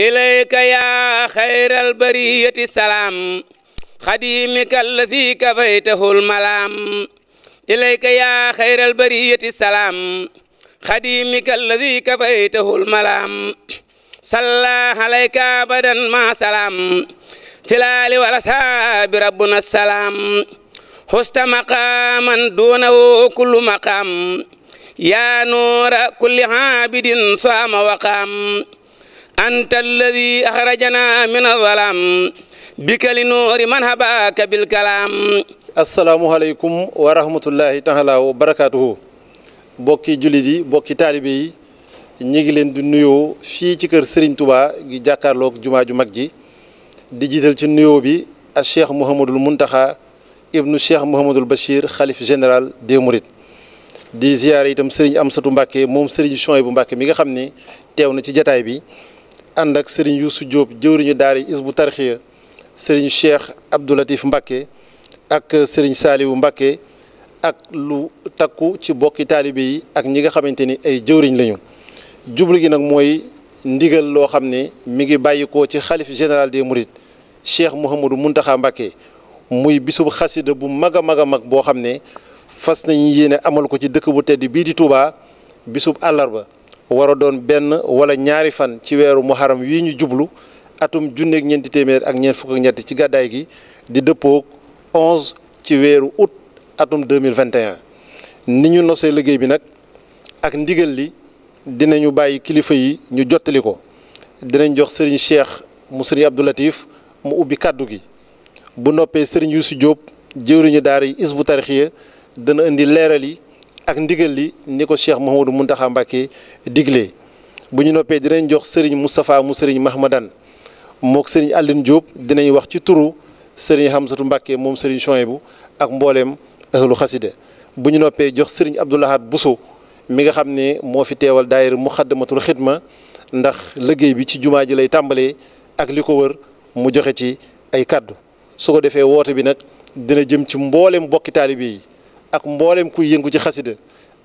إليك يا خير البرية السلام خديمك الذي كفيته الملام إليك يا خير البرية السلام خديمك الذي كفيته الملام صلى عليك أبدا ما سلام في الآل والأصحاب ربنا السلام حست مقاما دونه كل مقام يا نور كل عابد صام وقام أنت الذي أخرجنا من الظلام بك لنور من هباك بالكلام السلام عليكم ورحمة الله تعالى وبركاته bokki jullit yi bokki taalibe yi ñu ngi leen di nuyoo fii ci kër Serigne Touba gi jàkkaarloog jumaa ju mag ji di jiital ci nuyoo bi ak cheikh Mouhamadul Mountakha ibnu cheikh Mouhamadul Bachir xalif général des Mourides di ziyaare itam Serigne Amsatou Mbacke moom Serigne Chouaïbou Mbacke mi nga xam ni teew na ci jataay bi. ànd ak sëriñ Youssou Diop jëwriñu daari Hizbut Tarqiyyah sëriñ Cheikh Abdou Latif Mbacké ak sëriñ Saliou Mbacké ak lu takku ci bokki taalibe yi ak ñi nga xamante ni ay jëwriñ lañu jublu gi nag mooy ndigal loo xam ne mu ngi bàyyikoo ci xalif général de mourides Cheikh Mouhamadou Mountakha Mbacké muy bisub xasida bu mag a mag a mag boo xam ne fas nañ yéene amal ko ci dëkk bu tedd bii di Touba bisub àllarba war a doon benn wala ñaari fan ci weeru muharam wii ñu jublu atum junneeg ñeenti téeméer ak ñeent fukk ak ci gàddaay gi di dëppoog 11 ci weeru août atum 2021 ni ñu nosee liggéey bi nag ak ndigal li dinañu bàyyi kilifa yi ñu jottali ko dinañ jox sëriñ Cheikh mu sëriñ Abdou Latif mu ubbi kàddu gi bu noppee sëriñ Youssou Diop jëwriñu daara yi Hizbut Tarqiyyah dana indi leeral yi ak ndigal li ni ko Cheikh Mouhamadou Mountakha Mbacké digle bu ñu noppee dinañ jox sëriñ Moustapha mu sëriñ Mahmadan mook sëriñ Aline Diop dinañ wax ci turu sëriñ Hamsatu Mbacké moom sëriñ Chouaïbou ak mbooleem ahlu xasida bu ñu noppee jox sëriñ Abdoulahat Bousso mi nga xam ne moo fi teewal daayira Muxaddamatul Xidma ndax liggéey bi ci jumaa ji lay tàmbalee ak li ko wër mu joxe ci ay kàddu su ko defee woote bi nag dina jëm ci mbooleem bokki taalibe ak mbooleem kuy yëngu ci xasida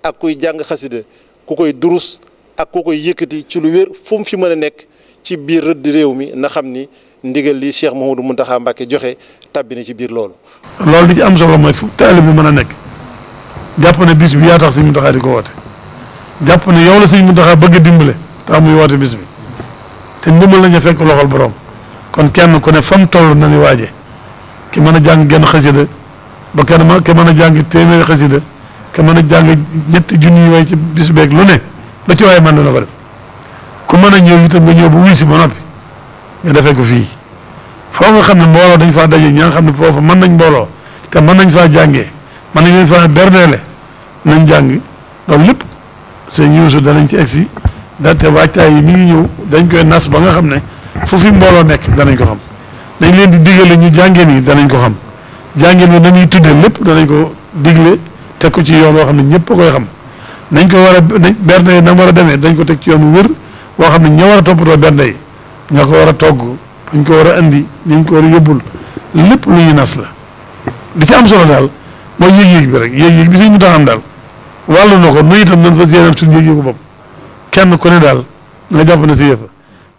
ak kuy jàng xasida ku koy durus ak ku koy yëkkati ci lu wér fu mën a nekk ci biir rëdd réew mi na xam ni ndigal li Cheikh Mouhamadou Mountakha Mbacké joxe tàbbi na ci biir loolu. loolu li ci am solo mooy fu taalibe bi mën a nekk jàpp ne bis bi yaa tax Sëñ Mountakha di ko woote jàpp ne yow la Sëñ Mountakha bëgg a dimbale tax muy woote bis bi te ndimbal lañu fekk loxol borom kon kenn ku ne fam toll na ni waaje ki mën a jàng genn xasida ba kenn ma ke mën a jàng téeméeri xasida ke mën a jàng ñetti junni way ci bis beeg lu ne lu ci waaye mën na ko def ku mën a ñëw itam nga ñëw bu wuy si ba noppi defee ko fii foo nga xam ne mbooloo dañ faa daje ña nga xam ne foofu mën nañ mbooloo te mën nañ faa jàngee mën nañ leen faa berdeele nañ jàng loolu lépp seen yuusu danañ ci egsi date waajtaay yi mi ñëw dañ koy nas ba nga xam ne fu fi mbooloo nekk danañ ko xam dañ leen di digale ñu jàngee nii danañ ko xam jàngin bi nañuy tuddee lépp danañ ko digle teg ko ci yoon woo xam ne ñëpp koy xam nañ ko war a bernde yi na war a demee dañ ko teg ci yoon wu wër woo xam ne ña war a toppatoo bernde yi ña ko war a togg dañ ko war a andi dañ ko war a yóbbul lépp lu ñuy nas la di ci am solo daal mooy yéeg-yéeg bi rek yéeg-yéeg bi mu tax am daal wàllu na ko nu itam nañ fa séenam suñ yéeg-yéegu bopp kenn ku ne daal nga jàpp na si yëfa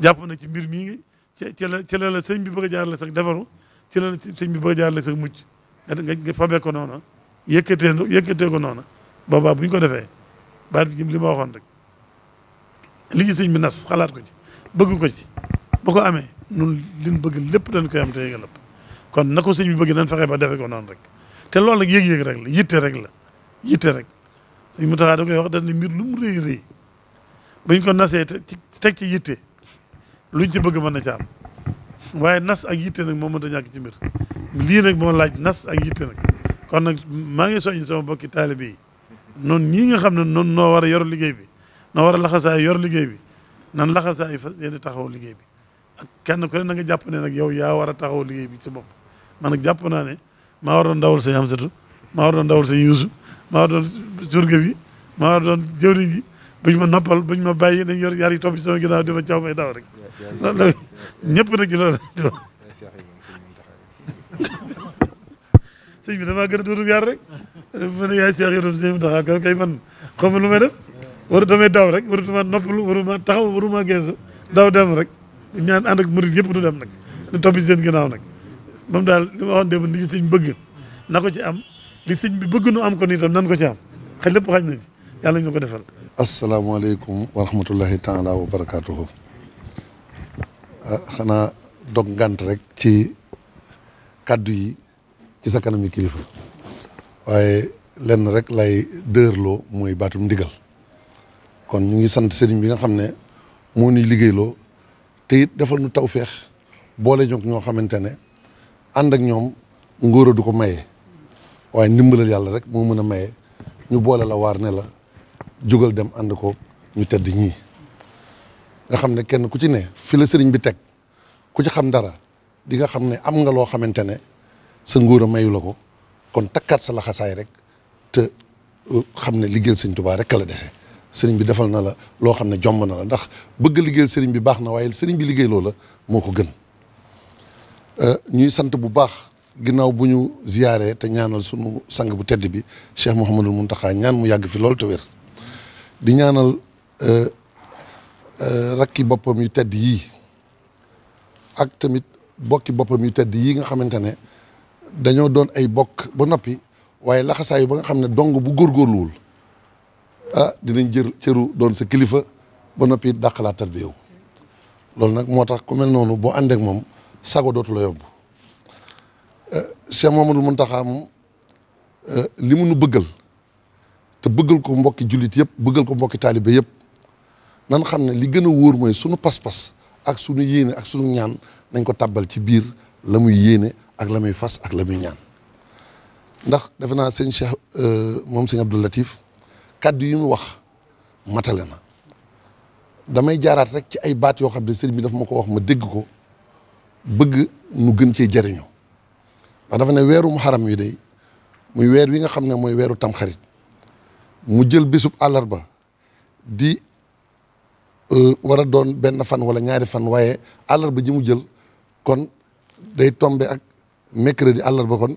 jàpp na ci mbir mii ci la ci la la sëñ bi bëgg a jaar la sax defaru ci la sëñ bi bëgg jaarale sax mucc nga nga fabee ko noonu yëkkatee yëkkatee ko noonu boobaa bu ñu ko defee baat bi li ma waxoon rek li ci sëñ bi nas xalaat ko ci bëgg ko ci bu ko amee nun liñ bëgg lépp dañ koy am te yëgal lépp kon nako ko bi bëgg nan fexe ba defee ko noonu rek te loolu nag yëg-yëg rek la yitte rek la yitte rek mu taxaa da koy wax dañ ne mbir lu mu rëy buñ ko nasee teg ci yitte luñ ci bëgg mën na ci waaye nas ak yitte nag moo mënta ñàkk ci mbir lii nag moo laaj nas ak yitte nag kon nag maa ngi soññ sama bokki taalibe yi noonu ñii nga xam ne noon noo war a yor liggéey bi noo war a laxasaay yor liggéey bi nan laxasaay fas yéene taxaw liggéey bi ak kenn ku ne na nga jàpp ne nag yow yaa war a taxaw liggéey bi ci bopp man nag jàpp naa ne maa war doon dawal sa Amsatu maa war doon dawal sa Yuusu maa war doon surga bi maa war doon jëwriñ ji buñ ma noppal buñ ma bàyyi dañ yor yar yi topp ci sama ginnaaw di ma caw may daw rek ñëpp nag ci loolu la sëñ bi damaa gën a dóorub yar rek ma ne yaay Cheikh Ibrahima sëñ Mountakha kon kay man xam lu me def waru damay daw rek warutuma noppalu waruma taxaw waruma geesu daw dem rek ñaan ànd ak murit yëpp nu dem nag nu topp ci seen ginnaaw nag moom daal li ma waxoon démb li ci bëgg na ko ci am di sëñ bi bëgg nu am ko nii tam nan ko ci am xëy lépp xaj na ci yàlla ñu ko defal asalaamaaleykum wa rahmatullahi taala wa barakaatuhu Ah, xanaa dog ngant rek ci kàddu yi ci sa kanam yi kilifa waaye lenn rek lay dërloo mooy baatum ndigal kon ñu ngi sant sëriñ bi nga xam ne moo ñuy liggéeyloo te it defal nu taw feex boole ñoog ñoo xamante ne ànd ak ñoom ngóora du ko maye waaye ndimbalal yàlla rek moo mën a maye ñu boole la waar ne la jógal dem ànd ko ñu tedd ñii nga xam ne kenn ku ci ne fi la sëriñ bi teg ku ci xam dara di nga xam ne am nga loo xamante ne sa nguur a mayu la ko kon takkaat sa laxasaay rek te euh, xam ne liggéeyal sëñ Tuubaa rek la dese sëriñ bi defal na la loo xam ne jomb na la ndax bëgg liggéeyal sëriñ bi baax na waaye sëriñ bi liggéey loola moo ko gën euh, ñuy sant bu baax ginnaaw bu ñu ziyaaree te ñaanal sunu sang bu tedd bi Cheikh mun Mountakha ñaan mu yàgg fi loolu te wér di ñaanal euh, Euh, rakki boppam yu tedd yii ak tamit bokki boppam yu tedd yii nga xamante ne dañoo doon ay bokk ba noppi waaye laxasaayu ba nga xam ne dong bu góor góorgóorluwul ah dinañ jër cëru doon sa kilifa ba noppi dàq laa tardé yow loolu nag moo tax ku mel noonu boo àndeek moom sago dootu la yomb euh, Cheikh Mamadou Mountakha moom euh, li mu nu bëggal te bëggal ko mbokki jullit yëpp bëggal ko mbokki taalibe yëpp nan xam ne li gën a wóor mooy sunu pas-pas ak sunu yéene ak sunu ñaan nañ ko tàbbal ci biir la muy yéene ak la muy fas ak la muy ñaan ndax defe naa sëñ Cheikh euh, moom sëñ Abdou Latif kàddu yi mu wax matale na damay jaaraat rek ci ay baat yoo xam ne sëriñ bi daf ma ko wax ma dégg ko bëgg nu gën ci jariñoo ndax dafa ne weeru muharram yi day muy weer wi nga xam ne mooy weeru tamxarit mu jël bésub àllarba di Euh, war a doon benn fan wala ñaari fan waaye àllarba ji mu jël kon day tombe ak mercredi àllarba kon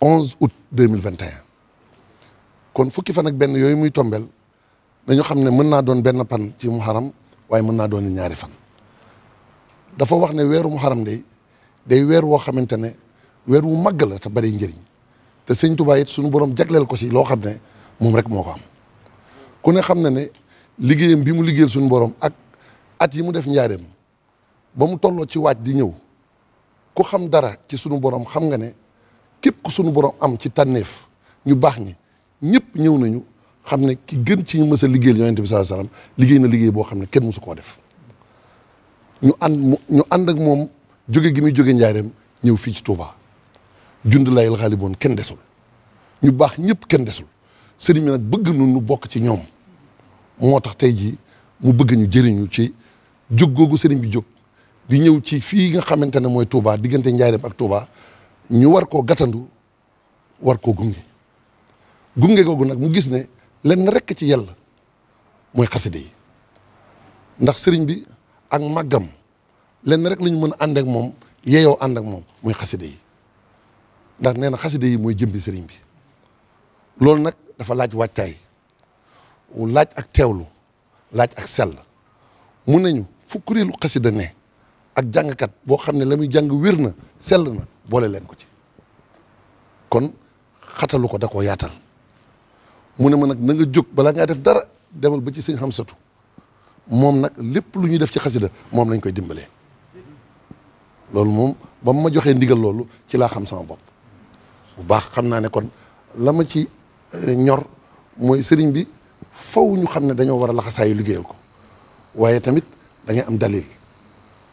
11 août 2021 kon fukki fan ak benn yooyu muy tombel dañu xam ne mën naa doon benn pan ci muharam waaye mën naa doon ñaari fan dafa wax ne weeru muharam day day weer woo xamante ne weer wu màgg la te bari njëriñ te sëñ Tuubaa suñu borom jagleel ko si loo xam ne moom rek moo ko am ku ne xam na ne liggéeyam bi mu liggéeyal suñu borom ak at yi mu def njaareem ba mu tolloo ci waaj di ñëw ku xam dara ci suñu borom xam nga ne képp ku suñu borom am ci tànneef ñu baax ñi ñëpp ñëw nañu xam ne ki gën ci ñu mës a liggéeyal yonent bi sallallahu alayhi na liggéey boo xam ne kenn mësu koo def ñu ànd ñu moom jóge gi jóge njaareem ñëw fii ci Touba jund layil xaaliboon kenn desul ñu baax ñëpp kenn desul sëriñ bi nag bëgg nu nu bokk ci ñoom moo tax tey jii mu bëgg ñu jëriñu ci jóg googu sëriñ bi jóg di ñëw ci fii nga xamante ne mooy Touba diggante Njaareem ak Touba ñu war koo gàttandu war koo gunge gunge googu nag mu gis ne lenn rek ci yàlla mooy xaside yi ndax sëriñ bi ak maggam lenn rek la ñu mën a ànd ak moom yeyoo ànd ak moom mooy xaside yi ndax neen xaside yi mooy jëmbi sëriñ bi loolu nag dafa laaj wàccaay laaj ak teewlu laaj ak sell mun nañu fu kuréelu xasida ne ak jàngkat boo xam ne la muy jàng wér na sell na boole leen ko ci kon xatalu ko da koo yaatal mu ne ma nag na jóg balaa ngaa def dara demal ba ci sëñ xamsatu moom nag lépp lu ñuy def ci xasida moom lañ koy dimbalee loolu moom ba ma joxee ndigal loolu ci laa xam sama bopp bu baax xam naa ne kon la ma ci eh, ñor mooy sëriñ bi faw ñu xam ne dañoo war a laxasaayu ko waye tamit da ngay am dalil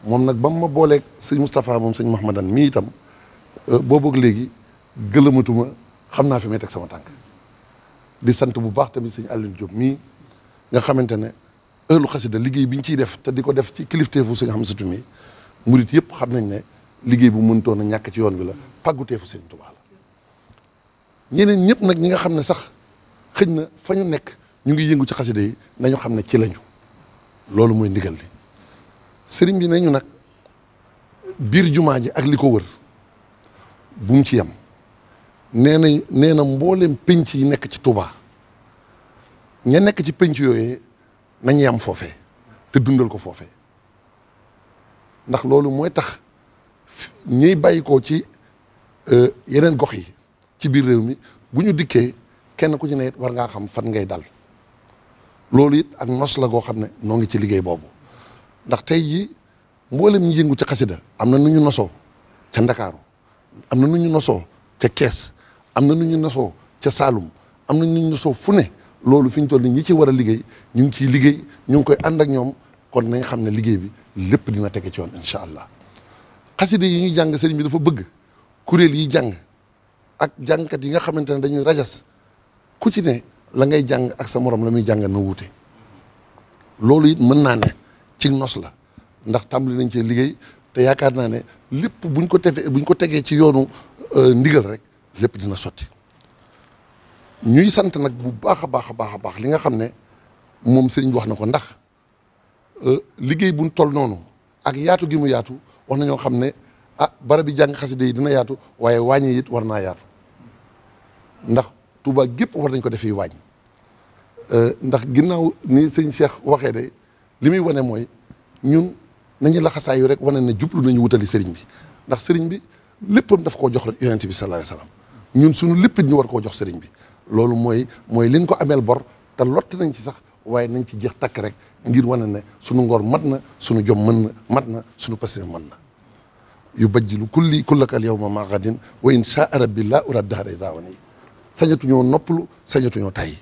mom nak bam ma bolé sëñ mustapha mom sëñ Mahmadan mi itam bobok léegi gëlëmatuma xamna fi may tek sama tànk di sante bu baax tamit sëñ Alioune Diop mi nga xamantene ne khassida xasida biñ ci def te diko def ci kilifteefu sëñ Hamsatu mii murit yëpp xam nañ ne liggéey bu mën tona ñak ci yoon bi la pàgguteefu sëñ Tuubaa la ñeneen ñëpp nak ñi nga xamne sax xëj fañu fa nekk ñu ngi yëngu ci xasida yi nañu xam ne ci lañu loolu mooy ndigal li sëriñ bi nañu nag biir jumaa ji ak li ko wër bu ci yem nee nañ nee na mbooleem pénc yi nekk ci Touba ña nekk ci pénc yooyee nañu yem foofe te dundal ko foofe ndax loolu mooy tax ñuy bàyyi ko ci euh, yeneen gox yi ci biir réew mi bu ñu dikkee kenn ku ci ne war ngaa xam fan ngay dal loolu it ak nos la goo xam ne noo ngi ci liggéey boobu ndax tey jii mboolem ñi yëngu ci xasida am na nu ñu nosoo ca Ndakaaru am na nu ñu nosoo ca Kees am na nu ñu nosoo ca Saalum am na nu ñu nosoo fu ne loolu fi ñu toll nii ñi ci war a liggéey ñu ngi ciy liggéey ñu ngi koy ànd ak ñoom kon nañ xam ne liggéey bi lépp dina tege ci yoon incha allah xasida yi ñu jàng sëriñ bi dafa bëgg kuréel yi jàng ak jàngkat yi nga xamante ne dañuy rajas ku ci ne la ngay jàng ak sa morom la muy jàng na wuute loolu it mën naa ne ci nos la ndax tàmbali nañ cee liggéey te yaakaar naa ne lépp buñ ko tefee buñ ko tegee ci yoonu euh, ndigal rek lépp dina sotti ñuy sant nag bu baax a baax a baax a baax li nga xam ne moom sëriñ bi wax na ko ndax euh, liggéey buñ toll noonu ak yaatu gi mu yaatu wax na nañoo xam ne ah barab bi jàng xaside yi dina yaatu waaye wàññi it war naa yaatu ndax Tuuba gépp war nañ ko def defee wàññ Euh, ndax ginnaaw nii sëñ Cheikh waxee de li muy wane mooy ñun nañu laxasaayu rek wane na jublu nañu wutali sëriñ bi ndax sëriñ bi léppam daf koo jox rek yonent bi sallallahu alayhi ñun suñu léppit ñu war koo jox sëriñ bi loolu mooy mooy liñ ko ameel bor te lott nañ ci sax waaye nañ ci jeex takk rek ngir wane na suñu ngor mat na suñu jom mën na mat na suñu passé mën na yu bajjilu kulli kullakal yawma ma ghadin wa in shaa rabbi laa uraad dahra daawan yi sañatuñoo noppalu sañatuñoo tayyi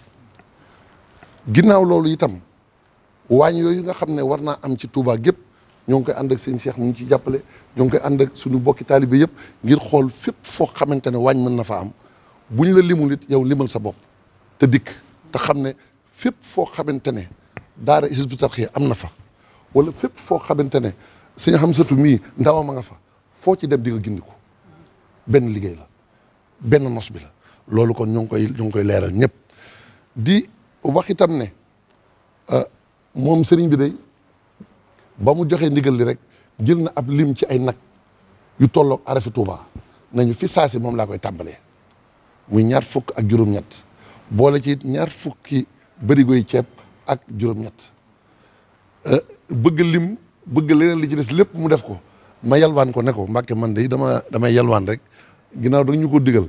ginnaaw loolu itam waañ yooyu nga xam ne war naa am ci tuubaa gépp ñoo ngi koy ànd ak seen seex mu ngi ciy jàppale ñoo ngi koy suñu bokki taalibe yëpp ngir xool fépp foo xamante ne waañ mën na fa am buñ la limul it yow limal sa bopp te dikk te xam ne fépp foo xamante ne daara Hizbut Tarqiyyah am na fa wala fépp foo xamante ne sëñ Hamsatu mii ndawam a nga fa foo ci dem di nga gindiku benn liggéey la benn nos bi la loolu kon ñoo ngi koy ñoo koy leeral ñëpp wax itam ne euh, mom serigne bi day ba mu joxe ndigal li rek jël na ab lim ci ay nak yu tollok arafi Touba nañu fi sasi mom la koy tambalé muy ñaar fukk ak juróom-ñett boole ci ñaar fukki goy ceeb ak ñet euh bëgg lim bëgg leneen li ci des lepp mu def ko ma yalwaan ko ne ko mbacke man de dama dama yalwaan rek ginaaw da ñu ko diggal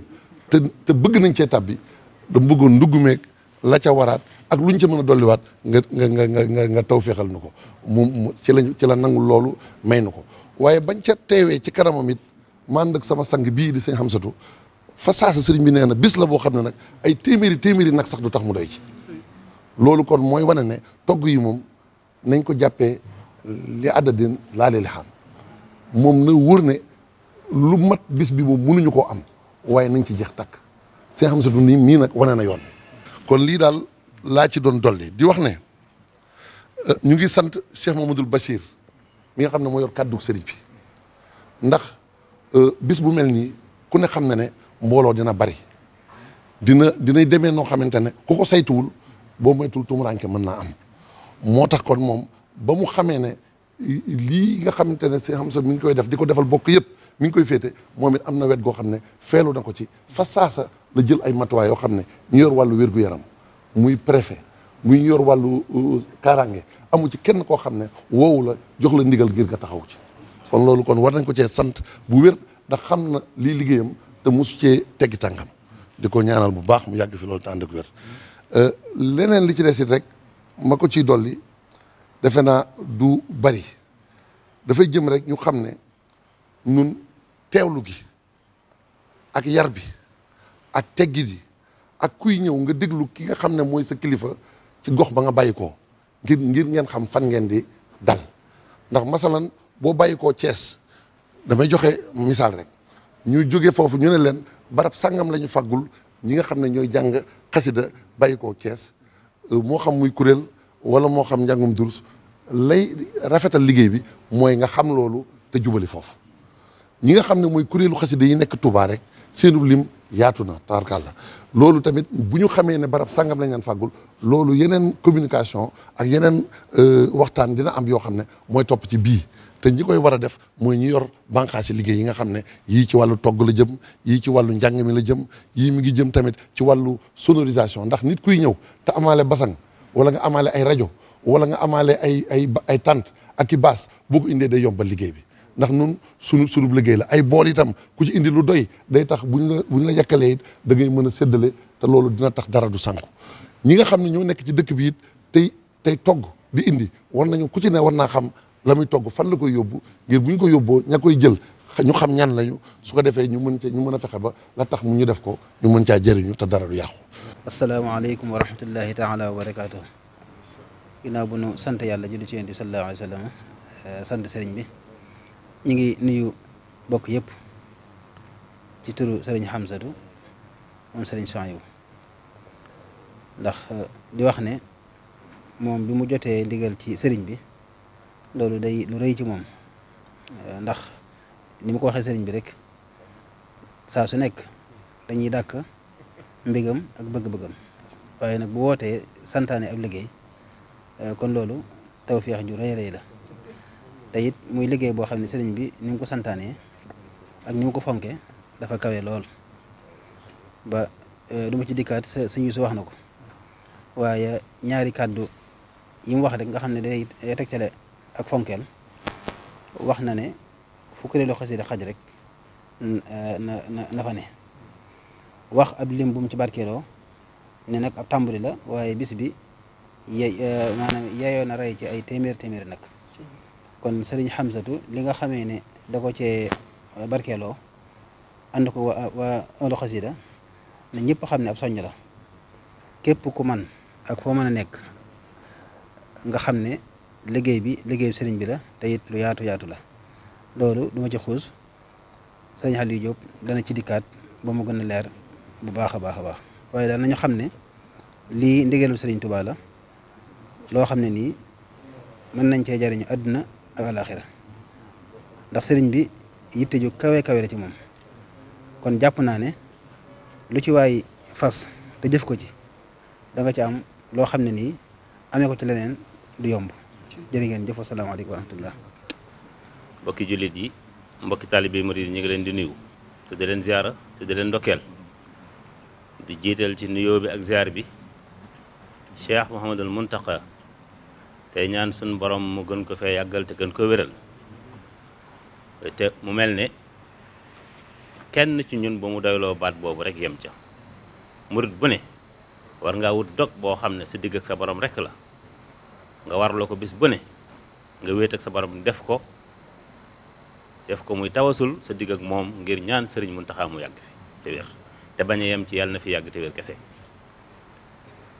te te bëgg nañ ci tabbi do bëggoon ndugg la ca warat ak luñ ci mëna doli wat nga nga nga nga nga nga mu ci lañ ci la nangul lolu may nuko. waye bañ ca téwé ci kanamam it man ak sama sang bi di seigne hamsatu fa saasa sëriñ bi neena bis la bo xamne nak ay téméri téméri nak sax du tax mu doy ci lolu kon moy wane ne togg yi mom nañ ko jappé li adadin laa li xam moom na wourné lu mat bis bi mom mënuñu ko am waye nañ ci jex tak seigne hamsatu ni mi nak wane na yoon kon lii daal laa ci doon dolli di wax ne euh, ñu ngi sant Cheikh Mamadou Bachir mi nga xam ne moo yor kàddu sëriñ bi ndax euh, bis bu mel nii ku ne xam ne ne mbooloo dina bari dina dinay demee noo xamante ne ku ko saytuwul boo moytuwul tumuraanke mën naa am moo tax kon moom ba mu xamee ne lii nga xamante ne si xam sa mi ngi koy def di ko defal bokk yëpp mi ngi koy féete moom it am na wet goo xam ne feelu na ko ci fa saasa la jël ay matuwaay yoo xam ne ñu yor wàllu wér-gu-yaram muy préfet muy yor wàllu euh, kaaraange amu ci kenn koo xam ne woowu jox la ndigal ngir nga taxaw ci kon loolu kon war nañ ko cee sant bu wér ndax xam na lii liggéeyam te mosu cee teggi tànkam di ko ñaanal bu baax mu yàgg fi loolu te ànd ak wér euh, leneen li ci des rek ma ko ciy dolli defe naa du bari dafay jëm rek ñu xam ne nun teewlu gi ak yar bi ak teggin yi ak kuy ñëw nga déglu ki nga xam ne mooy sa kilifa ci gox ba nga bàyyi ko ngir ngir ngeen xam fan ngeen di dal ndax masalan boo bàyyi koo cees damay joxe misaal rek ñu jóge foofu ñu ne leen barab sàngam la ñu faggul ñi nga xam ne ñooy jàng xasida bàyyi koo cees euh, moo xam muy kuréel wala moo xam njàngum durus lay rafetal liggéey bi mooy nga xam loolu te jubali foofu ñi nga xam ne mooy kuréelu xasida yi nekk tubaa rek seenub lim yaatu na taarkalla loolu tamit bu ñu xamee ne barab sangam lañ leen fàggul loolu yeneen communication ak yeneen euh, waxtaan dina am yoo xam ne mooy topp ci bii te ñi koy war a def mooy ñu yor bànqaasi liggéey yi nga xam ne yii ci wàllu togg la jëm yii ci wàllu njàng mi la jëm yii mi ngi jëm tamit ci wàllu sonorisation ndax nit kuy ñëw te amaale basan wala nga amaale ay rajo wala nga amaale ay ay ay tante ak ki baas boo indee day yombal liggéey bi ndax nun sunu sunu liggéey la ay bool ku ci indi lu doy day tax buñ la buñ la yàkkalee it da mën a séddale te loolu dina tax dara du sànku ñi nga xam ne ñoo nekk ci dëkk bi it tey tey togg di indi war nañu ku ci ne war naa xam la muy togg fan la koy yóbbu ngir ñu ko yóbboo ña koy jël ñu xam ñan lañu su ko defee ñu mën ca ñu mën a fexe ba la tax mu ñu def ko ñu mën caa jëriñu te dara du yàqu. asalaamaaleykum wa rahmatullahi taala wa barakaatu. ginnaaw bu nu sant yàlla julli ci yonent bi sallallahu alayhi wa eh, sant sëriñ bi. ñu ngi nuyu bokk yëpp ci turu sëriñ Hamzatu moom sëriñ Sanyu ndax euh, di wax ne moom bi mu jotee ndigal ci sëriñ bi loolu day lu rëy ci moom euh, ndax ni mu ko waxee sëriñ bi rek saa su nekk dañuy dàkk mbégam ak bëgg-bëggam waaye nag bu wootee santaane ab liggéey euh, kon loolu tawfeex ju rëy rëy la te it muy liggéey boo xam ne sëriñ bi ni mu ko santaanee ak ni ko fonke dafa kawe lool ba e, du ci dikkaat sa sëñ su wax na ko waaye ñaari kàddu yi mu wax rek nga xam ne day tegtale ak fonkeel wax na ne fukki lu xasida xaj rek e, na na fa ne wax ab lim bu ci barkeeloo ne nag ab tàmbali la waaye bis bi ye e, maanaam na rey ci ay téeméer téeméer nag kon sëriñ Xamsatu li nga xamee ne da ko cee euh, barkeeloo ànd ko waa waa ahlu xasida ne ñëpp xam ne ab soññ la képp ku man ak foo mën a nekk nga xam ne liggéey bi liggéey sëriñ bi la te it lu yaatu yaatu la loolu du ma ci xuus sëriñ Aliou ci dikkaat ba mu gën a leer bu baax a baax a baax waaye daal nañu xam ne lii ndigalul sëriñ Touba la loo xam ne nii mën nañ cee jariñu àdduna ak alaxira ndax sëriñ bi yitte ju kawe kawe la ci moom kon jàpp naa ne lu ci waay fas te jëf ko ci da nga ci am loo xam ne nii amee ko ci leneen du yomb jërë ngeen jëf asalaamaaleykum wa rahmatullah mbokki jullit yi mbokki taalibe murid yi ñu ngi leen di nuyu te di leen ziara te di leen ndokkeel di jiital ci nuyoo bi ak ziar bi cheikh Mouhamadul Muntaqa tey ñaan sun borom mu gën ko fe yagal te gën ko wëral te mu melni ne kenn ci ñun bu mu doylo baat bobu rek yem ca murid bu ne war nga wut dog bo xamne ne digg ak sa borom rek la nga warloo ko bis bu ne nga wéet ak sa borom def ko def ko muy tawasul sa digg ak mom ngir ñaan serigne muntaha mu yag fi te wër te baña yem ci yalla na fi yag te wër kese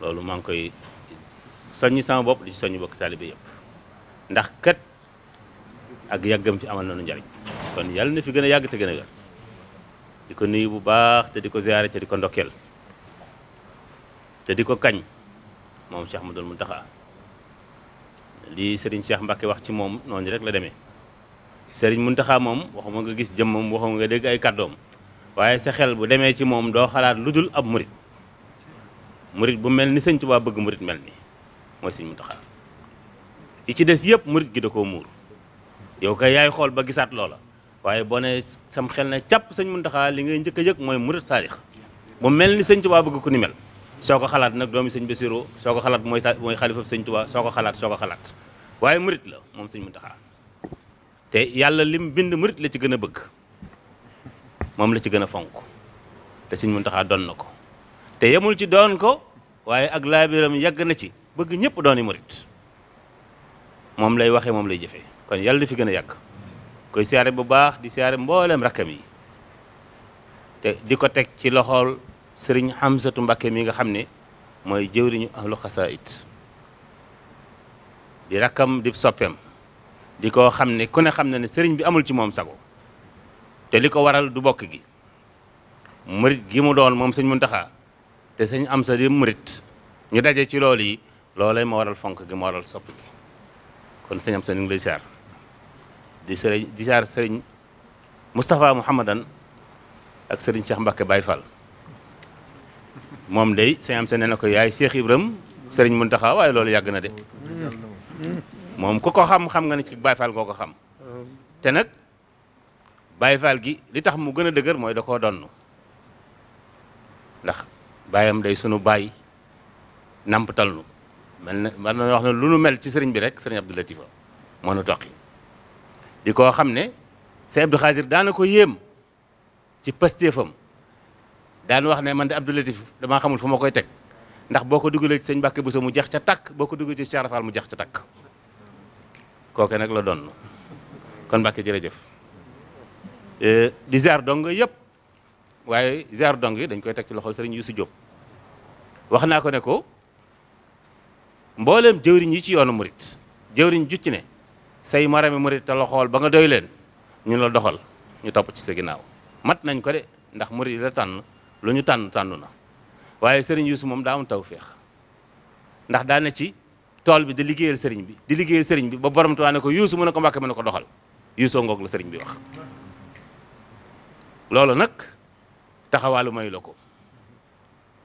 loolu mang koy soñi sama bop di soñi bok talibé yépp ndax kat ak yagam fi amal nañu njariñ kon yalla na fi gëna yag te gëna a diko di nuyu bu baax te di ko te di ndokkel te di ko kañ mom Cheikh Ahmadoul muntaha li Serigne Cheikh Mbacke wax ci mom nonu rek la démé Serigne muntaha mom waxuma nga gis jëmmam waxuma nga dégg ay kaddom waye sa xel bu démé ci mom do xalaat luddul ab mourid mourid bu mel serigne touba bëgg mourid mel mooy sëñ Muntaxa yi ci des yëpp murit gi da koo muur yow kay yaay xool ba gisaat loola waaye boo ne sam xel ne càpp sëñ Muntaxa li ngay njëkk a mooy murit saadix mu mel ni sëñ Tuubaa bëgg ko ni mel soo ko xalaat nag doomi sañ Basiru soo ko xalaat mooy mooy xalifa sëñ Tuubaa soo ko xalaat soo xalaat waaye murit la moom sëñ Muntaxa te yàlla lim bind murit la ci gën a bëgg moom la ci gën a fonk te sëñ Muntaxa doon na ko te yemul ci doon ko waaye ak laabiram yàgg na ci bëgg ñëpp yi murit moom lay waxee moom lay jëfee kon yàlla na fi gën a yàgg koy siyaare bu baax di siyaare mbooleem rakkam yi te di ko teg ci loxool sëriñ Xamsatu mbakke mi nga xam ne mooy jëwriñu ahlu xasaayit di rakkam di soppeem di ko xam ne ku ne xam ne ne sëriñ bi amul ci moom sago te li ko waral du bokk gi murit gi mu doon moom sëñ Muntaxa te sëñ am sa di murit ñu daje ci loolu yi loolee ma waral fonk gi ma waral sopp gi kon sëñ am sa ñu ngi di sëriñ di siyaar sëriñ Moustapha Mouhamadan ak sëriñ Cheikh Mbacke Baye Fall moom day sëñ am sa nee na ko yaay Cheikh Ibrahim sëriñ taxaw waaye loolu yàgg na de moom ku ko xam xam nga ne ci Baye Fall ko xam te nag Baye gi li tax mu gën a dëgër mooy da koo donn ndax baayam day sunu baay nampatal nu man na mel na wax ne lu nu mel ci sëriñ bi rek sëriñ Abdou Latif moo nu toqi di koo xam ne sëriñ Abdou Khadir daana ko yéem ci pastéefam daan wax ne man de Abdou Latif damaa xamul fu ma koy teg ndax boo ko dugalee ci sëñ Mbàkke Buso mu jeex ca takk boo ko dugalee ci Cheikh mu jeex ca takk kooke nag la doon kon Mbàkke jërëjëf eh, di ziar dong yëpp waaye ziar dong yi dañ koy teg ci loxol sëriñ si Diop wax naa ko ne ko mbooleem jëwriñ yi ci yoonu murit jëwriñ ju ci ne say marami murit te la xool ba nga doy leen ñu la doxal ñu topp ci sa ginnaaw mat nañ ko de ndax murit la tànn lu ñu tànn tànnu na waaye sëriñ Yuusu moom daa taw feex ndax daa ne ci tool bi di liggéeyal sëriñ bi di liggéeyal sëriñ bi ba borom tuwaa ne ko Yuusu mu ne ko Mbàkke mu ne ko doxal Yuusoo ngoog la sëriñ bi wax loolu nag taxawaalu may ko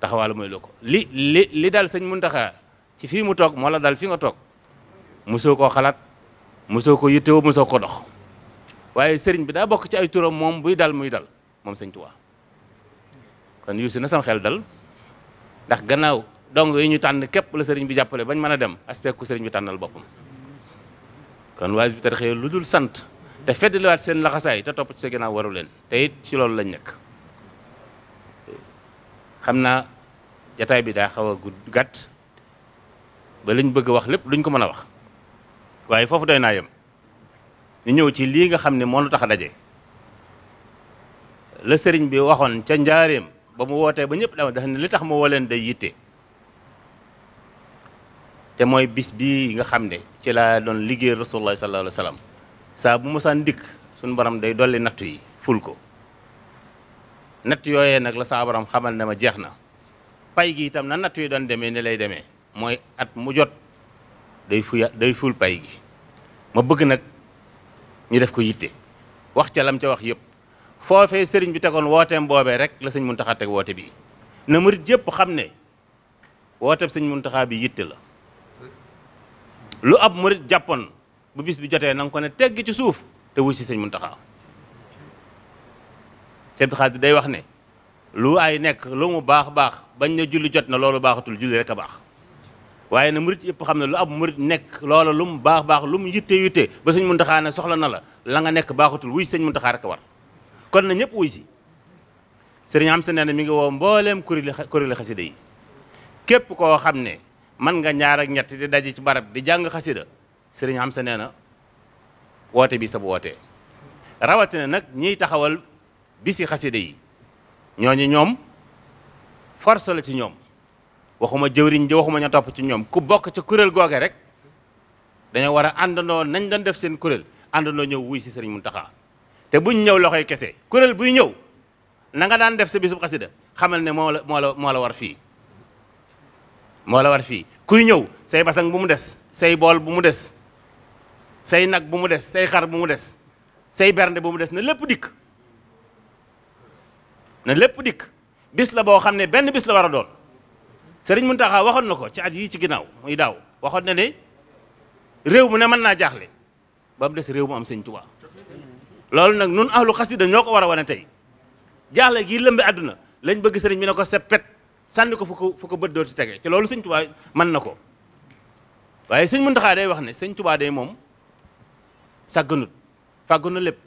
taxawaalu may la ko li li li daal sëñ Muntaxa ci fii mu toog moo la dal fi nga toog mosoo koo xalaat mosoo ko yittewoo mosoo koo dox waaye sëriñ bi daa bokk ci ay turam moom buy daal muy dal moom sëñ Tuubaa kon yuusi na sam xel dal ndax gannaaw dong yi ñu tànn képp la sëriñ bi jàppale bañ mën a dem asteeku sëriñ bi tànnal boppam kon waas bi tarxee lu dul sant te feddliwaat seen laxasaay te topp ci sa ginnaaw waru leen te ci loolu lañ nekk xam naa jataay bi daa xaw a gudd gàtt ba liñ bëgg wax lépp duñ ko mën a wax waaye foofu doy naa yem ñu ñëw ci lii nga xam ne moo nu tax a daje la sëriñ bi waxoon ca njaareem ba mu wootee ba ñëpp dafa def ne li tax ma woo leen day yitte te mooy bis bii nga xam ne ci laa doon liggéey rasulullah sallallahu alayhi saa bu mosaan dikk suñu borom day dolli nattu yi ful ko natt yooyee nag la saa borom xamal ne ma jeex na pay gi itam na nattu yi doon demee ni lay demee mooy at mu jot day fuya day ful pay gi ma bëgg nag ñu def ko yitte wax ca lam ca wax yëpp foofee sëriñ bi tegoon wooteem boobee rek la sëñ Muntaxa teg woote bi na murit yëpp xam ne wooteem sëñ Muntaxa bi yitte la lu ab murit jàppoon bu bis bi jotee na ko ne tegg ci suuf te wuy si sëñ Muntaxa Sëñ Xaadir day wax ne lu ay nekk lu mu baax baax bañ ne julli jot na loolu baaxatul julli rek a baax waaye ne murit yëpp xam ne lu ab murit nekk loola lu mu baax baax lu mu yitte yitte ba sëñ xaa ne soxla na la la nga nekk baaxutul wuy sëñ Muntaxa rek war kon na ñëpp wuy si sëriñ am sa mi ngi woo mbooleem kuréeli kuréeli xasida yi képp koo xam ne mën nga ñaar ñett di ci barab di jàng xasida sëriñ am sa nee na woote bi sab wootee rawatina nag ñiy taxawal bi si xasida yi ñooñu ñoom force la ci ñoom waxuma jëwriñ je waxuma ña top ci ñom ku bok ci kurel goge rek dañu wara andono nañ dañ def seen kurel àndandoo ñew wuy ci serigne muntaha te buñ ñëw loxoy kese kurel buñ ñew na nga daan def ci bisub xamal ne mo la mo la war fi mo la war fi kuy ñew say basang bu mu dess say bol bu mu dess say nak bu mu dess say xar bu mu dess say bernde bu mu dess na lepp dik na lepp dik bis la bo xamne ne benn bis la wara doon Sëriñ mun taxa waxoon na ko ci at yii ci ginnaaw muy daaw waxoon na ne réew mu ne mën naa jaaxle ba mu des réew mu am sëñ Tuubaa loolu nag nun ahlu xasida ñoo ko war a wane tey jaaxle gii lëmbi àdduna lañ bëgg sëriñ bi ne ko seppet sànni ko fu ko ko bët dooti tege ci loolu sëñ Tuubaa mën na ko waaye sëñ Muntaxa day wax ne sëñ Tuubaa day moom sàgganut fàggu na lépp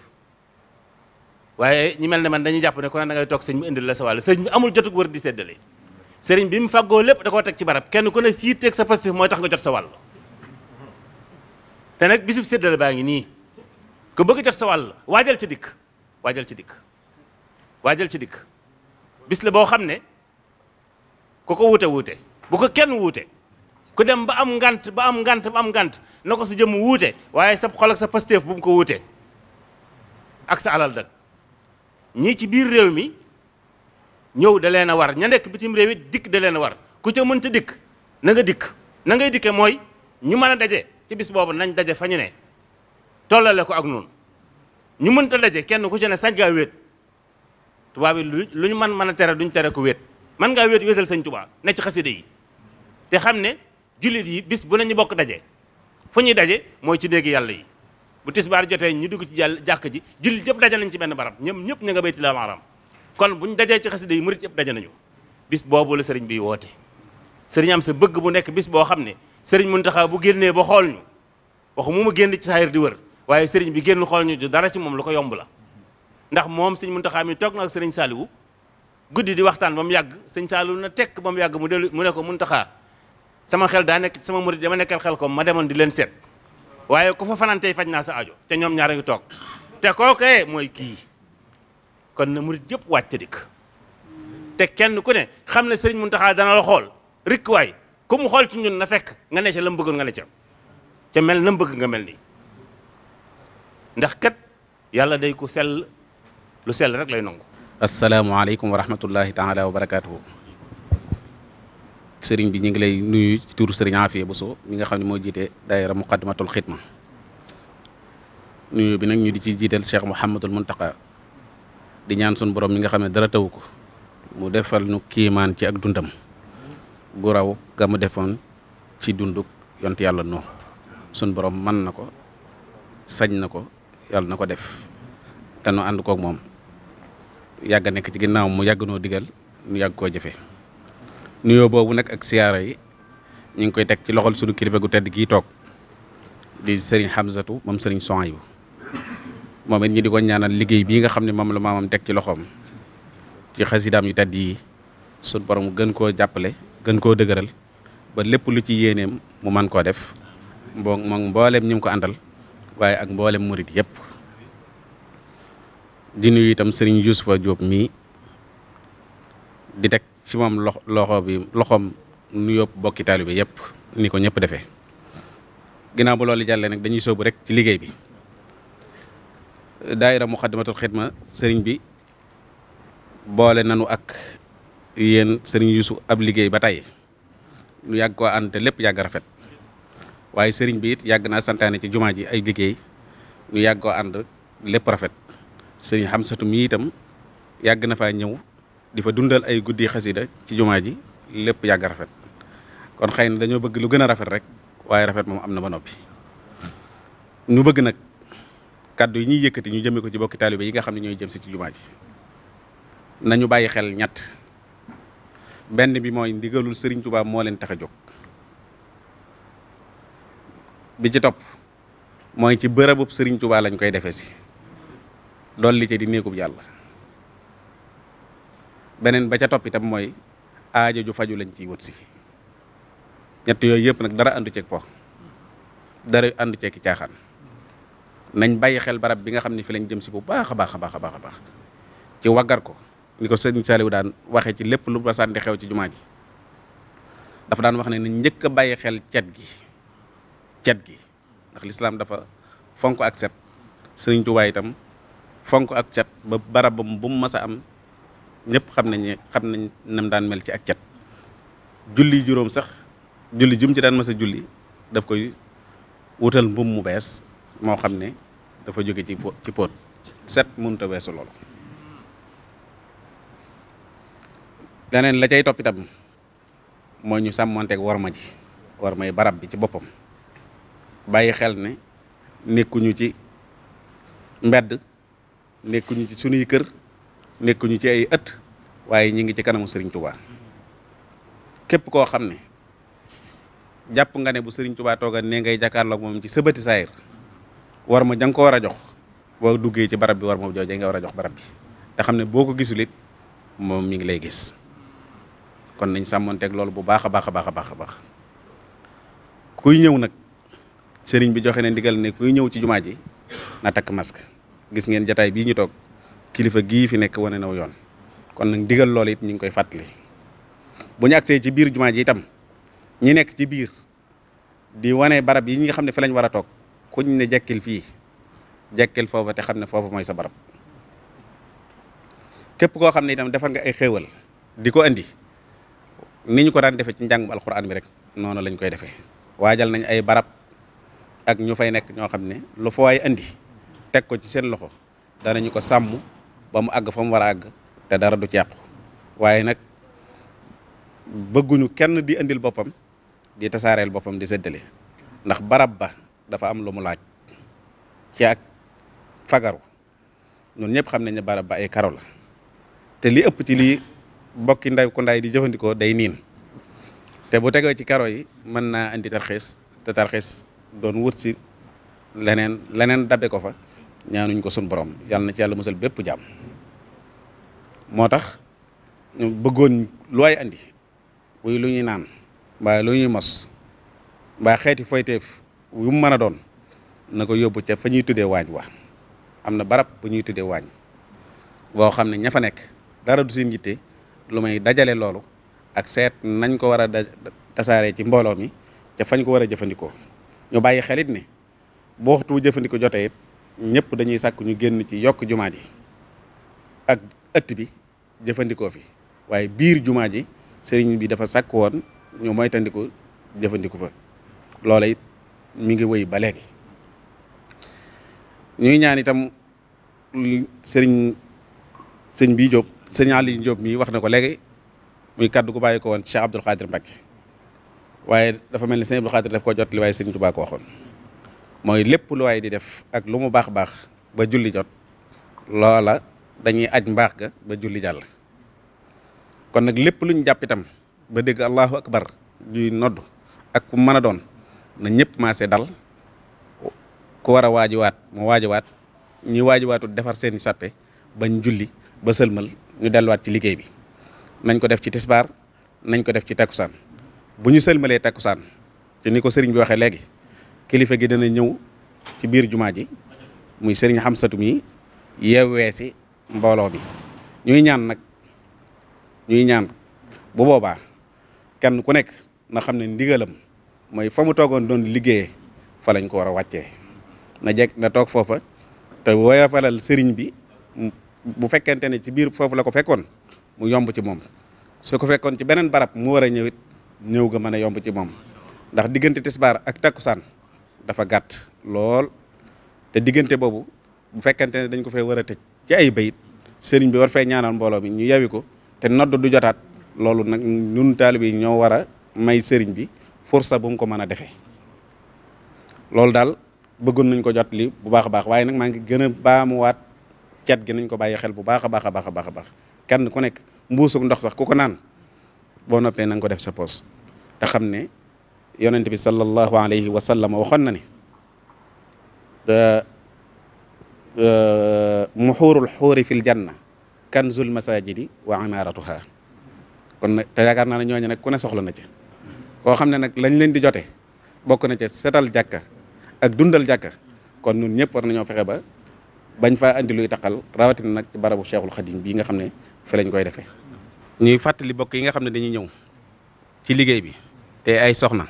waaye ñi mel ne man dañuy jàpp ne ku a da ngay toog sëñ bi indil la sa wàll sëñ bi amul jotug wër di séddale serigne bi mu faggo lepp da ko tek ci barab kenn ku ne si tek sa passif moy tax nga jot sa wal té nak bisub seddal baangi ni ko bëgg jot sa wal wajal ci dik wajal ci dik wajal ci dik bis la bo xamne ko ko wuté wuté bu ko kenn wuté ku dem ba am ngant ba am ngant ba am ngant nako su jëm wuté waye sa xol ak sa pastef bu ko wuté ak sa alal dak ñi ci biir rew mi ñëw da leen a war ña nekk bitim réew it dikk da leen a war ku ca mënta dikk nanga dikk na ngay dikke mooy ñu mën a daje ci bis boobu nañ daje fa ñu ne tollale ko ak noonu ñu mënta daje kenn ku ci ne sañ ngaa wéet tubaab yi lu ñu mën mën a tere duñ tere ko wéet mën ngaa wéet wéetal sëñ Tuubaa ne ci xasida yi te xam ne jullit yi bis bu nañu bokk daje fu ñuy daje mooy ci néegi yàlla yi bu tisbaar jotee ñu dugg ci jàll jàkk ji jullit yëpp daje nañ ci benn barab ñoom ñëpp ña nga béy ci la kon buñ dajé ci xassida yi murit yépp dajé nañu bis bobu la sëriñ bi woté sëriñ am sa bëgg bu nek bis bo xamné ne sëriñ Muntaxa bu génné ba xol ñu waxu mu ma génn ci sahir di wër waye sëriñ bi génn xol ñu dara ci mom lu ko yomb la ndax mom sëriñ Muntaxa mi tok nak sëriñ guddi di waxtaan bam mu yàgg sëñ na tek bam mu mu mu ne ko Muntaxa sama xel da nek sama murit dama nekkal xel ko ma di len set waye ku fa fanante tey faj sa aajo te ñom ñaar nga tok te ko moy ki kon na murit yëpp wàcc te te kenn ku ne xam ne sëriñ Muntaxa dana la xool rikk waay ku xool ci ñun na fekk nga ne ca la mu nga mel na mu bëgg nga mel nii ndax kat yàlla day ko sell lu sell rek lay nangu. asalaamaaleykum wa rahmatullahi taala wa barakaatuhu. sëriñ bi ñu ngi lay nuyu ci turu sëriñ Afia Bousso mi nga xam ne moo jiite daayira muqaddimatul xidma nuyu bi nag ñu di ci jiital Cheikh Mouhamadul Muntaqa di ñaan sun borom mi nga xam ne dara taw ko mu defal nu kiimaan ci ak dundam gu raw ga mu defoon ci dunduk yont yàlla noo sun borom man na ko sañ na ko yàlla na ko def te nu ànd kook moom yàgg nekk ci ginnaaw mu yàgg noo digal nu yàgg koo jëfe nuyoo boobu nag ak siyaara yi ñu ngi koy teg ci loxol sunu kilifa gu tedd gii toog di sëriñ Hamzatu moom sëriñ Sohaybu moom it ñi di ko ñaanal liggéey bii nga xam ne moom la maamam teg ci loxoom ci xasidaam yu tedd yi suñ borom gën koo jàppale gën koo dëgëral ba lépp lu ci yéeneem mu man koo def mboo mbooleem ñi ko àndal waaye ak mbooleem murit yëpp di nuyu itam sëriñ Youssoufa Diop mii di teg ci moom loxo loxo bi loxoom nuyoo bokki taalibe yëpp ni ko ñëpp defee ginnaaw bu loolu jàllee nag dañuy sóobu rek ci liggéey bi daayira muxaddamatul xidma sëriñ bi boole nanu ak yéen sëriñ Yuusu ab liggéey ba tey ñu yàgg koo ànd te lépp yàgg rafet waaye sëriñ bi it yàgg naa santaane ci jumaa ji ay liggéey ñu yàgg koo ànd lépp rafet sëriñ Xamsatu mi itam yàgg na faa ñëw di fa dundal ay guddi xasida ci jumaa ji lépp yàgg rafet kon xëy na dañoo bëgg lu gën a rafet rek waaye rafet moom am na ba noppi ñu bëgg nag kaddu yi ñuy yëkkati ñu jëmee ko ci bokki taalibe yi nga xam ne ñooy jëm si ci jumaa ji nañu bàyyi xel ñett benn bi mooy ndigalul Sëriñ Tuubaa moo leen tax a jóg bi ci topp mooy ci bërëbub Sëriñ Tuubaa lañ koy defe si dolli ci di néegub yàlla beneen ba ca topp itam mooy aaja ju faju lañ ciy wut si ñett yooyu yëpp nag dara àndu ceeg po dara àndu ceeg caaxaan nañ bayyi xel barab bi nga xamni fi lañ jëm ci bu baaxa baaxa baaxa baaxa baax ci wagar ko ni ko sëñ Saliou daan waxe ci lepp lu basaan di xew ci jumaa ji dafa daan wax ne ni njëkk bayyi xel ciat gi ciat gi ndax l'islam dafa fonk ak set sëriñ touba itam fonk ak ciat ba barabam bu mu massa am ñepp xam nañ xam nañ nam daan mel ci ak ciat julli juróom sax julli jum ci daan massa julli daf koy wutal mu bes moo xam dafa joge ci ci pot set munta wessu weesu loolu la cey topp itam moy ñu sàmmanteeg warma ji warmay barab bi ci bopam bayyi xel ne nekkuñu ci mbedd nekkuñu ci suñu kër nekkuñu ci ay ëtt waye ñi ngi ci kanamu Serigne Touba kep ko xamne ne nga ne bu Serigne Touba toga ne ngay jakarlo mom ci sebeuti sayr war ma jang ko war a jox bo duggé ci barab bi war ma jox nga war a jox barab bi da xamné ne gisulit ko mi ngi lay gis kon nañ ak loolu bu baax a baax a baax kuy ñew nak sëriñ bi joxé né ndigal ne kuy ñew ci juma ji na tak masque gis ngeen jotaay bi ñu tok kilifa gi fi nek woné naw yoon kon nak ndigal loolu it ñu ngi koy fatali bu ñu agsee ci biir juma ji itam ñi nek ci biir di wane barab yi ñi nga ne fi lañ wara tok kuñ ne jekkil fii jekkil foofa te xam ne foofa mooy sa barab képp koo xam ne itam defar nga ay xéewal di ko andi ni ñu ko daan defee ci njàngum alxuraan mi rek noonu lañ koy defee waajal nañ ay barab ak ñu fay nekk ñoo xam ne lu fa andi teg ko ci seen loxo danañu ko sàmm ba mu àgg fa mu war a àgg te dara du ci yàqu waaye nag bëgguñu kenn di andil boppam di tasaareel boppam di séddale ndax barab ba dafa am lu mu laaj ci ak fagaru ñun ñëpp xam nañ ne barab ba ay karo la te li ëpp ci lii bokki ndaw ku ndaay di jëfandikoo day niin te bu tegoo ci karo yi mën naa andi tarxiis te tarxiis doon wut si leneen leneen dabe ko fa ñaanuñ ko sun borom yàlla na ci yàlla musal bépp jàmm moo tax ñu bëggoon lu andi muy lu ñuy naan mbaa lu mos mbaa xeeti foyteef yu mën a doon na ko yóbbu ca fa ñuy tuddee waañ wa am na barab bu ñuy tuddee waañ boo xam ne ña fa nekk dara du seen yitte lu may dajale loolu ak seet nañ ko war a da ci mbooloo mi ca fañ ko war a jëfandikoo ñu bàyyi xelit ne bu waxtu jëfandikoo jotee it ñëpp dañuy sàkk ñu génn ci yokk jumaa ji ak ëtt bi jëfandikoo fi waaye biir jumaa ji sëriñ bi dafa sàkk woon ñu moytandiku jëfandiku fa loola it mi ngi woy ba léegi ñuy ñaan itam sëriñ sëñ bii Diop sëriñ Aliou mii wax na ko léegi muy kaddu gu bàyyi ko woon Cheikh Abdoul Khadir Mbacke waaye dafa mel ni sëñ Abdoul Khadir daf ko jot li waaye sëriñ Touba ko waxoon mooy lépp lu waay di def ak lu mu baax baax ba julli jot loola dañuy aj mbaax ga ba julli jàll kon nag lépp lu ñu ba dégg allahu akbar juy nodd ak ku mën a doon na ma maase dal ku war a nyi mu wat ñi watu défar seen sappé bañ julli ba selmal ñu wat ci liggéey bi nañ ko def ci tisbar nañ ko def ci takusan bu ñu sëlmalee takkusaan te ni ko sëriñ bi waxé légui kilifa gi dana ñëw ci biir juma ji muy sëriñ xamsatu mi yeewee si bi ñuy ñaan nak ñuy ñaan bu boba kenn ku nek na xam ndigalam mooy fa mu toogoon doon liggéeyee fa lañ ko war a wàccee na jekk na toog foofa te woyofalal sëriñ bi bu fekkente ne ci biir foofu la ko fekkoon mu yomb ci moom su ko fekkoon ci beneen barab mu war a ñëwit ñëw ga mën a yomb ci moom ndax diggante tisbaar ak takkusaan dafa gàtt lool te diggante boobu bu fekkente ne dañ ko fee war a tëj ci ay bayit sëriñ bi war fee ñaanal mbooloo mi ñu yawi ko te nodd du jotaat loolu nag ñun taalibe yi ñoo war a may sëriñ bi fursa bu ko mën a defee dal bëggun nañ ko jot li bu baax baax waye nak ma ngi gëna baamu wat ciat gi nañ ko bàyyi xel bu baax a baax a baax baax baax kenn ku nek mbusuk ndox sax ku ko naan ko def sa pos ta xamné yonnati bi sallallahu alayhi wa sallam waxoon na da muhurul hur fil janna kanzul masajidi wa amaratuha kon nag te yaakaar naa ne ku ne soxla na ci koo xam ne nag lañ leen di jote bokk na ci setal jàkka ak dundal jàkka kon ñun ñëpp war nañoo fexe ba bañ faa andi luy taqal rawatin nag ci barabu Cheikhul Khadim bii nga xam ne fi lañ koy defee. ñuy fàttali bokk yi nga xam ne dañuy ñëw ci liggéey bi te ay soxna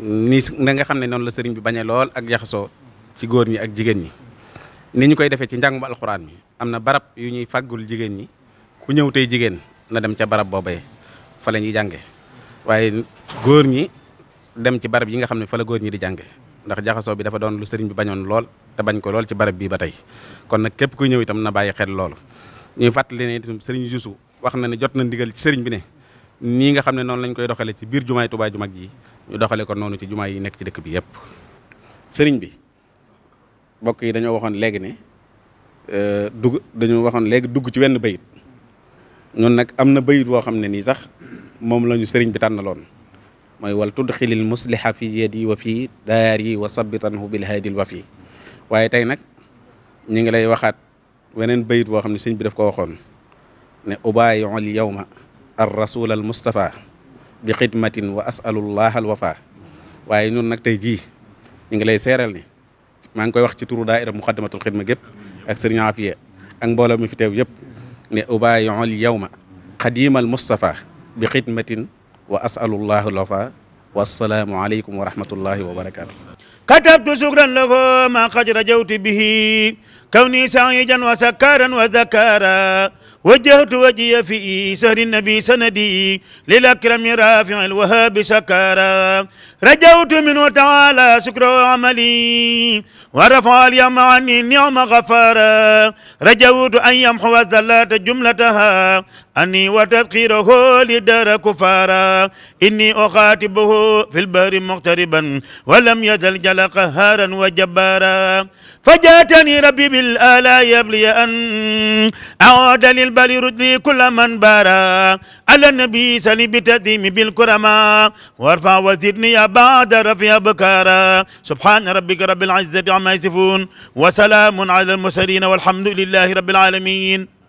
ni na nga xam ne noonu la sëriñ bi bañee lool ak jaxasoo ci góor ñi ak jigéen ñi. ni ñu koy defee ci njàngum alxuraan bi am na barab yu ñuy fàggul jigéen ñi ku ñëw tey jigéen na dem ca barab boobee fa la ñuy jàngee. waaye góor ñi dem ci barab yi nga xam ne fa góor ñi di jànge ndax jaxasoo bi dafa doon lu sëriñ bi bañoon lool te bañ ko lool ci barab bii ba tey kon nag képp kuy ñëw itam na bàyyi xel loolu ñuy fàttali ne itam sëriñ Yuusu wax na ne jot na ndigal ci sëriñ bi ne nii nga xam ne noonu lañ koy doxale ci biir jumaay Tuubaa mag ji ñu doxale ko noonu ci jumaa yi nekk ci dëkk bi yépp sëriñ bi mbokk yi dañoo waxoon léegi ne euh, dugg dañoo waxoon léegi dugg ci wenn bayit ñun nag am na bayit woo xam ne nii sax moom la ñu sëriñ bi tànnaloon mooy wal tudxilil musliha fi yadi wa fi daari wa sabitanhu bil haadil wa fi waaye tey nag ñu ngi lay waxaat weneen bayit boo xam ne sëñ bi daf ko waxoon ne ubaayiu al yawma ar rasul al mustafa bi xidmatin wa asalullah al wafa waaye ñun nag tey jii ñu ngi lay seeral ni maa ngi koy wax ci turu daaira muqaddamatul xidma gépp ak sëriñ Afiya ak mbooloo mi fi teew yëpp ne ubaayiu al yawma xadimal mustafa بخدمة وأسأل الله الوفاء والسلام عليكم ورحمة الله وبركاته كتبت شكرا له ما قد رجوت به كوني سعيدا وسكارا وذكارا وجهت وجهي في سهر النبي سندي للأكرم رافع الوهاب سكارا رجوت منه تعالى شكر عملي ورفع اليوم عني النعم غفارا رجوت أن يمحو الذلات جملتها أني وتذكيره لدار كفارا إني أخاطبه في البر مغتربا ولم يزل جل قهارا وجبارا فجاتني ربي بالآلاء يبلي أن أعود للبر رجلي كل من بارا على النبي سلي بتديم بالكرما وارفع وزدني بعد رفيع بكارا سبحان ربك رب العزة عما يصفون وسلام على المرسلين والحمد لله رب العالمين